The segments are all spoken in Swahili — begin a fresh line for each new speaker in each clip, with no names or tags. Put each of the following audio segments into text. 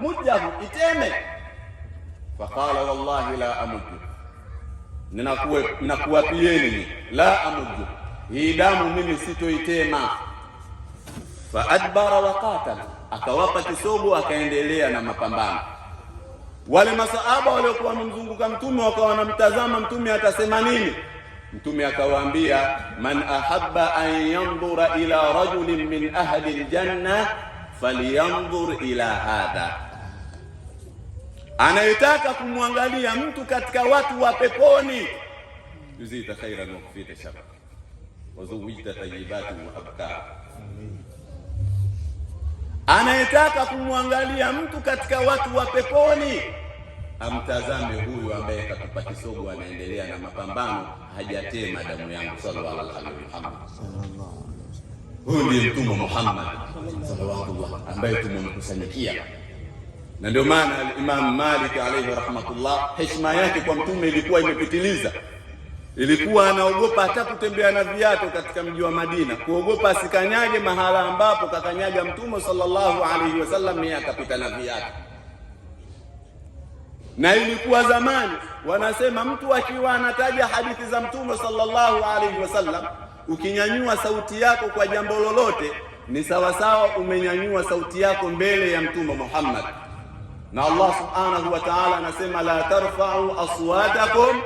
mujahu iteme. Faqala wallahi la amuddu, ninakuwapieni la amuju, hii damu mimi sitoitema. Faadbara waqatala, akawapa kisogo, akaendelea na mapambano. Wale masahaba waliokuwa wamemzunguka Mtume wakawa wanamtazama Mtume atasema nini. Mtume akawaambia, man ahabba an yandhura ila rajulin min ahli aljanna falyanzur ila hadha, anayetaka kumwangalia mtu katika watu wa peponi, juzita khairan wa kufita shar wa zuwijta tayyibatin wa abka. Anayetaka kumwangalia mtu katika watu wa peponi amtazame huyu ambaye katupa kisogo, anaendelea na mapambano, hajatema damu yangu. sallallahu alaihi wasallam. Huyu ndiye Mtume Muhammad sallallahu ambaye tumemkusanyikia, na ndio maana Imam Malik alayhi rahmatullah, heshima yake kwa mtume ilikuwa imepitiliza. Ilikuwa anaogopa hata kutembea na viatu katika mji wa Madina, kuogopa asikanyage mahala ambapo kakanyaga mtume sallallahu alaihi wasallam, yeye akapita na viatu. Na ilikuwa zamani wanasema mtu akiwa anataja hadithi za mtume sallallahu alaihi wasallam ukinyanyua sauti yako kwa jambo lolote ni sawasawa umenyanyua sauti yako mbele ya Mtume Muhammad, na Allah subhanahu wa ta'ala anasema la tarfa'u aswatakum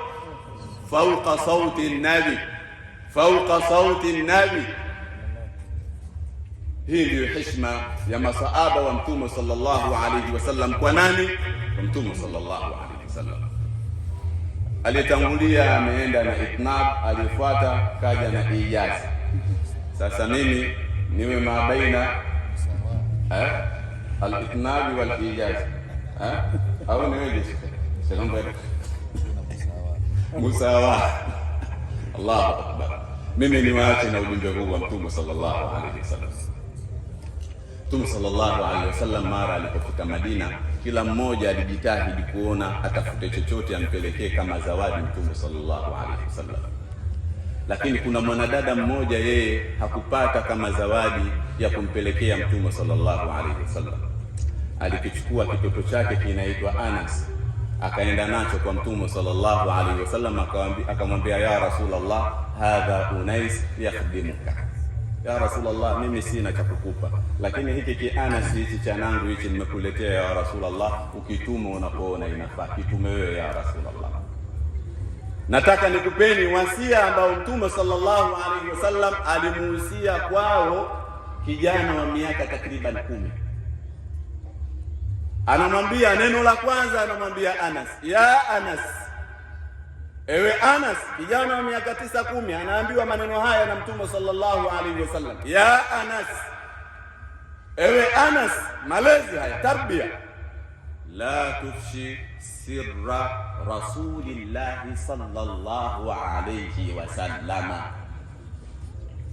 fawqa sauti nabi, fawqa sauti nabi. Hii ndiyo heshima ya masahaba wa Mtume sallallahu alayhi wasallam. Kwa nani? Kwa Mtume sallallahu alayhi wasallam aliyetangulia ameenda na itnab, aliyefuata kaja na ijaz Sasa mimi niwe mabaina eh, al alitnabi wal ijaz eh, au niweje? Musawa. Allahu akbar. Mimi niwaache na ujumbe huu wa Mtume sallallahu alaihi wasallam. Mtume sallallahu alaihi wasallam mara alipofika Madina kila mmoja alijitahidi kuona atafute chochote ampelekee kama zawadi Mtume sallallahu alaihi wasallam. Lakini kuna mwanadada mmoja yeye hakupata kama zawadi ya kumpelekea Mtume sallallahu alaihi wasallam. Alikichukua kitoto chake kinaitwa Anas, akaenda nacho kwa Mtume sallallahu alaihi wasallam, akamwambia ya Rasulullah, hadha unais yakhdimuka ya Rasulullah, mimi sina cha kukupa, lakini hiki kianasi hichi cha nangu hichi nimekuletea ya Rasulullah, ukitume unapoona inafaa kitume wewe ya Rasulullah. Nataka nikupeni wasia ambao Mtume sallallahu alaihi wasallam alimuhusia kwao kijana wa miaka takriban kumi. Anamwambia neno la kwanza, anamwambia Anas, ya Anas Ewe Anas, kijana wa miaka tisa kumi, anaambiwa maneno haya na Mtume sallallahu alaihi wasallam, ya Anas, ewe Anas, malezi haya, tarbia, la tufshi sirra rasulillahi sallallahu alaihi wasallam.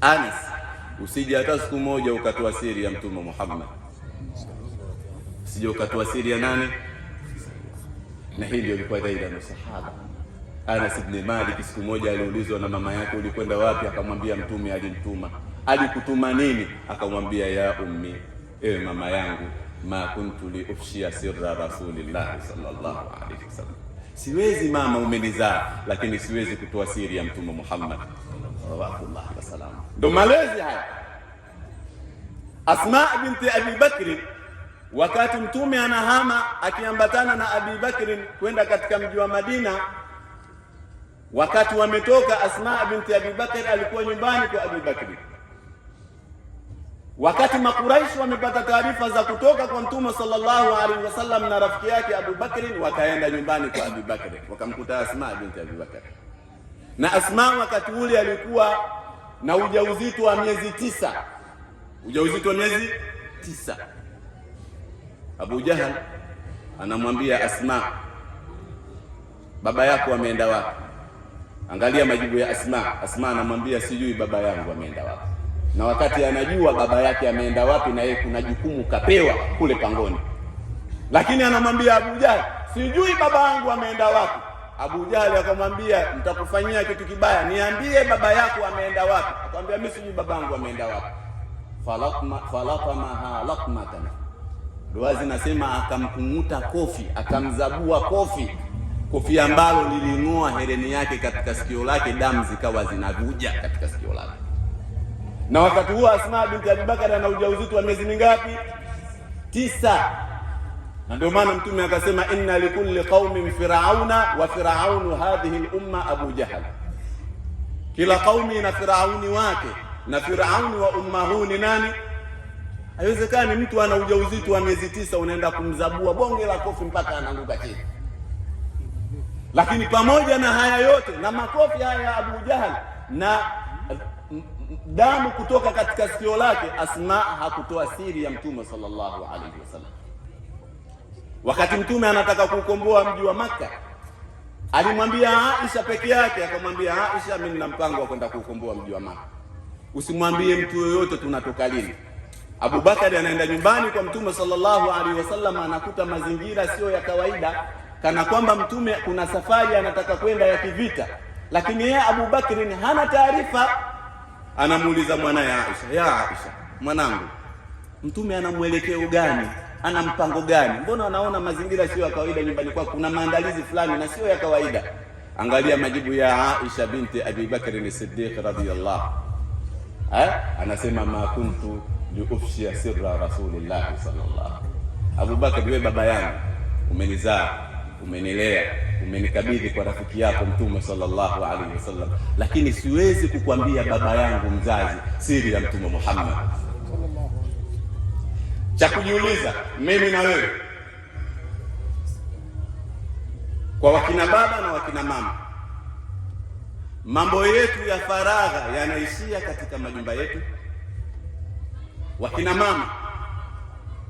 Anas, usije hata siku moja ukatoa siri ya Mtume Muhammad, usije ukatoa siri ya nani? Na hii ndio ilikuwa dira ya masahaba Anas ibn Malik siku moja aliulizwa na mama yake, ulikwenda wapi? Akamwambia mtume alimtuma. Alikutuma nini? Akamwambia, ya ummi, ewe mama yangu, ma kuntu liufshia sirra rasulillahi sallallahu alaihi wasallam, siwezi mama, umenizaa lakini siwezi kutoa siri ya mtume Muhammad sallallahu alaihi wasallam. Ndo malezi haya. Asma binti Abi Bakri wakati mtume anahama akiambatana na Abi Bakri kwenda katika mji wa Madina Wakati wametoka, Asma binti Abi Bakr alikuwa nyumbani kwa Abi Bakr. Wakati Makuraishi wamepata taarifa za kutoka kwa Mtume sallallahu alaihi wasallam na rafiki yake Abu Bakr, wakaenda nyumbani kwa Abi Bakr, wakamkuta Asma binti Abi Bakr. Na Asma wakati ule alikuwa na ujauzito wa miezi tisa, ujauzito wa miezi tisa. Abu Jahal anamwambia Asma, baba yako ameenda wapi? Angalia majibu ya Asma. Asma anamwambia sijui baba yangu ameenda wapi, na wakati anajua baba yake ameenda wapi, na yeye kuna jukumu kapewa kule pangoni, lakini anamwambia Abu Jahal, sijui baba yangu ameenda wapi. Abu Jahal akamwambia, nitakufanyia kitu kibaya, niambie baba yako ameenda wapi. Akamwambia, mimi sijui baba yangu ameenda wapi. falatamaha lakmatan, dua zinasema akamkung'uta kofi, akamzabua kofi kofia ambalo liling'oa hereni yake katika sikio lake, damu zikawa zinavuja katika sikio lake. Na wakati huo Asma binti Abubakar ana ujauzito wa miezi mingapi? Tisa. Na ndio maana Mtume akasema inna likulli qaumin firauna wa firaunu hadhihi lumma abu jahal, kila qaumi na firauni wake, na firauni wa umma huu ni nani? Haiwezekani mtu ana ujauzito wa miezi tisa unaenda kumzabua bonge la kofi mpaka anaanguka chini. Lakini pamoja na haya yote na makofi haya ya Abu Jahal na damu kutoka katika sikio lake, Asma hakutoa siri ya Mtume sallallahu alaihi wasallam. Wakati Mtume anataka kuukomboa mji wa Makka, alimwambia Aisha peke yake, akamwambia Aisha, mimi nina mpango wa kwenda kuukomboa mji wa Makka, usimwambie mtu yoyote tunatoka lini. Abubakari anaenda nyumbani kwa Mtume sallallahu alaihi wasallam, anakuta mazingira sio ya kawaida kana kwamba mtume kuna safari anataka kwenda ya kivita, lakini yeye Abu Bakrin hana taarifa. Anamuuliza mwana ya Aisha, ya Aisha, mwanangu, mtume ana mwelekeo gani? Ana mpango gani? Mbona anaona mazingira sio ya kawaida nyumbani kwako, kuna maandalizi fulani na sio ya kawaida. Angalia majibu ya Aisha binti Abi Bakr as Siddiq radhiyallahu eh, anasema ma kuntu liufshia sirra rasulillahi sallallahu. Abu Bakr, wewe baba yangu umenizaa umenilea, umenikabidhi kwa rafiki yako Mtume sallallahu alaihi wasallam, lakini siwezi kukwambia baba yangu mzazi siri ya Mtume Muhammad. Cha kujiuliza mimi na wewe, kwa wakina baba na wakina mama, mambo yetu ya faragha yanaishia katika majumba yetu. Wakina mama,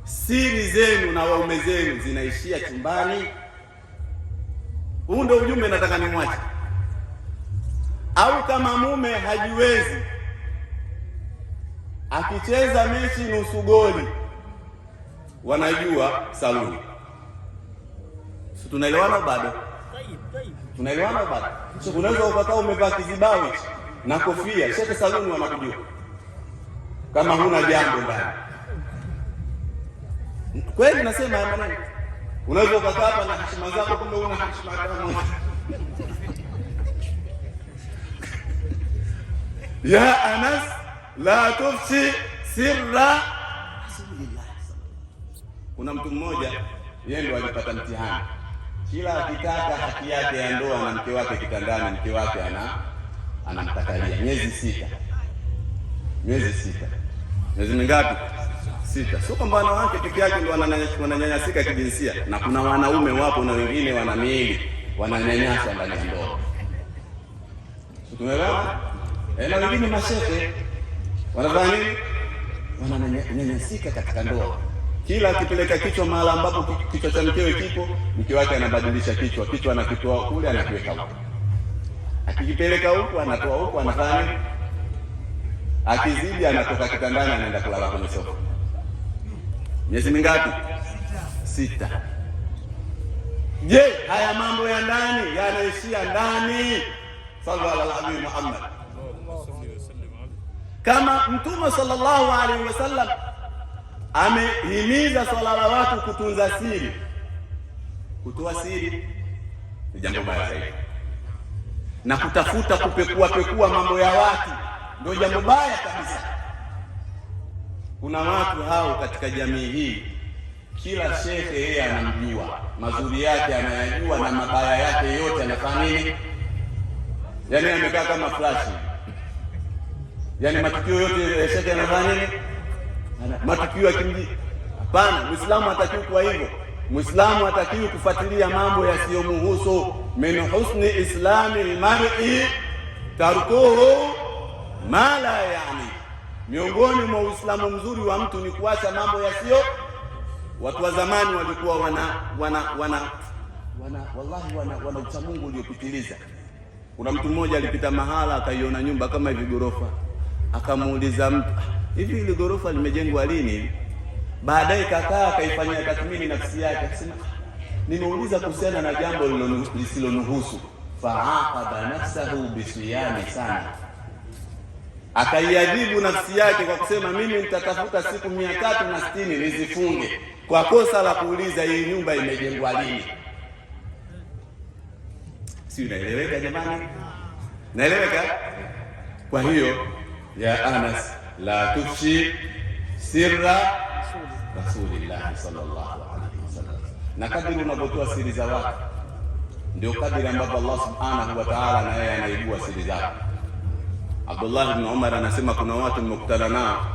siri zenu na waume zenu zinaishia chumbani. Huu ndio ujumbe nataka nimwache. Au kama mume hajiwezi, akicheza mechi nusu goli, wanajua saluni. Si tunaelewana bado? Tunaelewana bado? Si unaweza ukakaa umevaa kizibawi na kofia, shete saluni, wanakujua kama huna jambo ndani. Kweli nasema haya maneno. Unaweza ukakaa hapa na heshima zako, kumbe una heshima kama Ya Anas la tufsi sirra Rasulillah. Kuna mtu mmoja yeye ndo alipata mtihani, kila akitaka haki yake ya ndoa na mke wake kitandani, mke wake ana anamtakalia miezi sita, miezi sita, miezi mingapi? sita. Sio kwamba wanawake peke yake ndio wananyanyasika kijinsia, na kuna wanaume wapo na wengine wana miili wananyanyasa ndani ya ndoa, tumeelewa? Eh, na wengine mashehe wanafanya nini? Wananyanyasika katika ndoa, kila akipeleka kichwa mahala ambapo kichwa cha mkewe kipo, mke wake anabadilisha kichwa, kichwa anakitoa kule anakiweka huko, akikipeleka huko anatoa huko, anafanya akizidi anatoka kitandani anaenda kulala kwenye sofa miezi mingapi? Sita. Je, haya mambo ya ndani yanaishia ndani? Sallallahu alaihi Muhammad. Kama Mtume sallallahu alaihi wasallam amehimiza swala la watu kutunza siri, kutoa siri ni jambo baya zaidi, na kutafuta kupekua pekua mambo ya watu ndio jambo baya kabisa. Kuna watu hao katika jamii hii, kila shekhe yeye anamjua, mazuri yake anayajua na mabaya yake yote, anafanya nini? Yaani amekaa kama flash, yaani matukio yote shehe anafanya nini? Matukio yakimji. Hapana, Muislamu hatakiwi kuwa hivyo. Muislamu hatakiwi kufuatilia mambo yasiyomuhusu. min husni islami lmari tarkuhu ma la yani Miongoni mwa Uislamu mzuri wa mtu ni kuacha mambo yasiyo. Watu wa zamani walikuwa wana wana wana wana wallahi wana, wana uchamungu uliopitiliza. Kuna mtu mmoja alipita mahala akaiona nyumba kama hivi ghorofa akamuuliza mtu ah, hivi, ile ghorofa limejengwa lini? Baadaye kakaa akaifanyia tathmini nafsi yake, akasema ah, nimeuliza kuhusiana na jambo lisilonihusu, faaqaba nafsahu bisiyami sana akaiadhibu nafsi yake kwa kusema mimi nitatafuta siku mia tatu na sitini nizifunge kwa kosa la kuuliza hii nyumba imejengwa lini. Si unaeleweka jamani? Naeleweka. Kwa hiyo ya Anas, la tufshi sirra rasulillah sallallahu alaihi wasallam, na kadiri unavyotoa siri za watu ndio kadiri ambavyo Allah subhanahu wa ta'ala na yeye anaibua siri zako. Abdullah ibn Umar anasema kuna watu nimekutana nao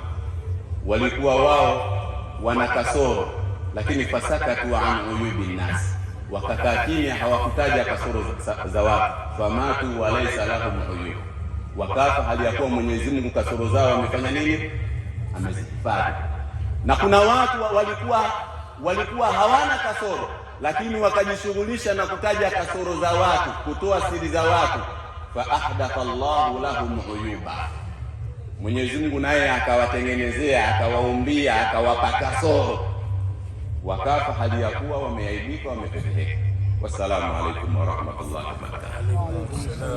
walikuwa wao wana kasoro, lakini fasakatu an uyubi nnas, wakakaa kimya, hawakutaja kasoro za watu. Famatu walaisa lahum uyub, wakafa hali ya kuwa Mwenyezi Mungu kasoro zao amefanya nini? Amezihifadhi. Na kuna watu walikuwa walikuwa hawana kasoro, lakini wakajishughulisha na kutaja kasoro za watu, kutoa siri za watu fa ahdatha Allahu lahum uyuba, Mwenyezi Mungu naye akawatengenezea akawaumbia akawapa kasoro, wakafa hali ya kuwa wameaibika wamepepeheka. Wassalamu alaikum warahmatullahi wabarakatuh.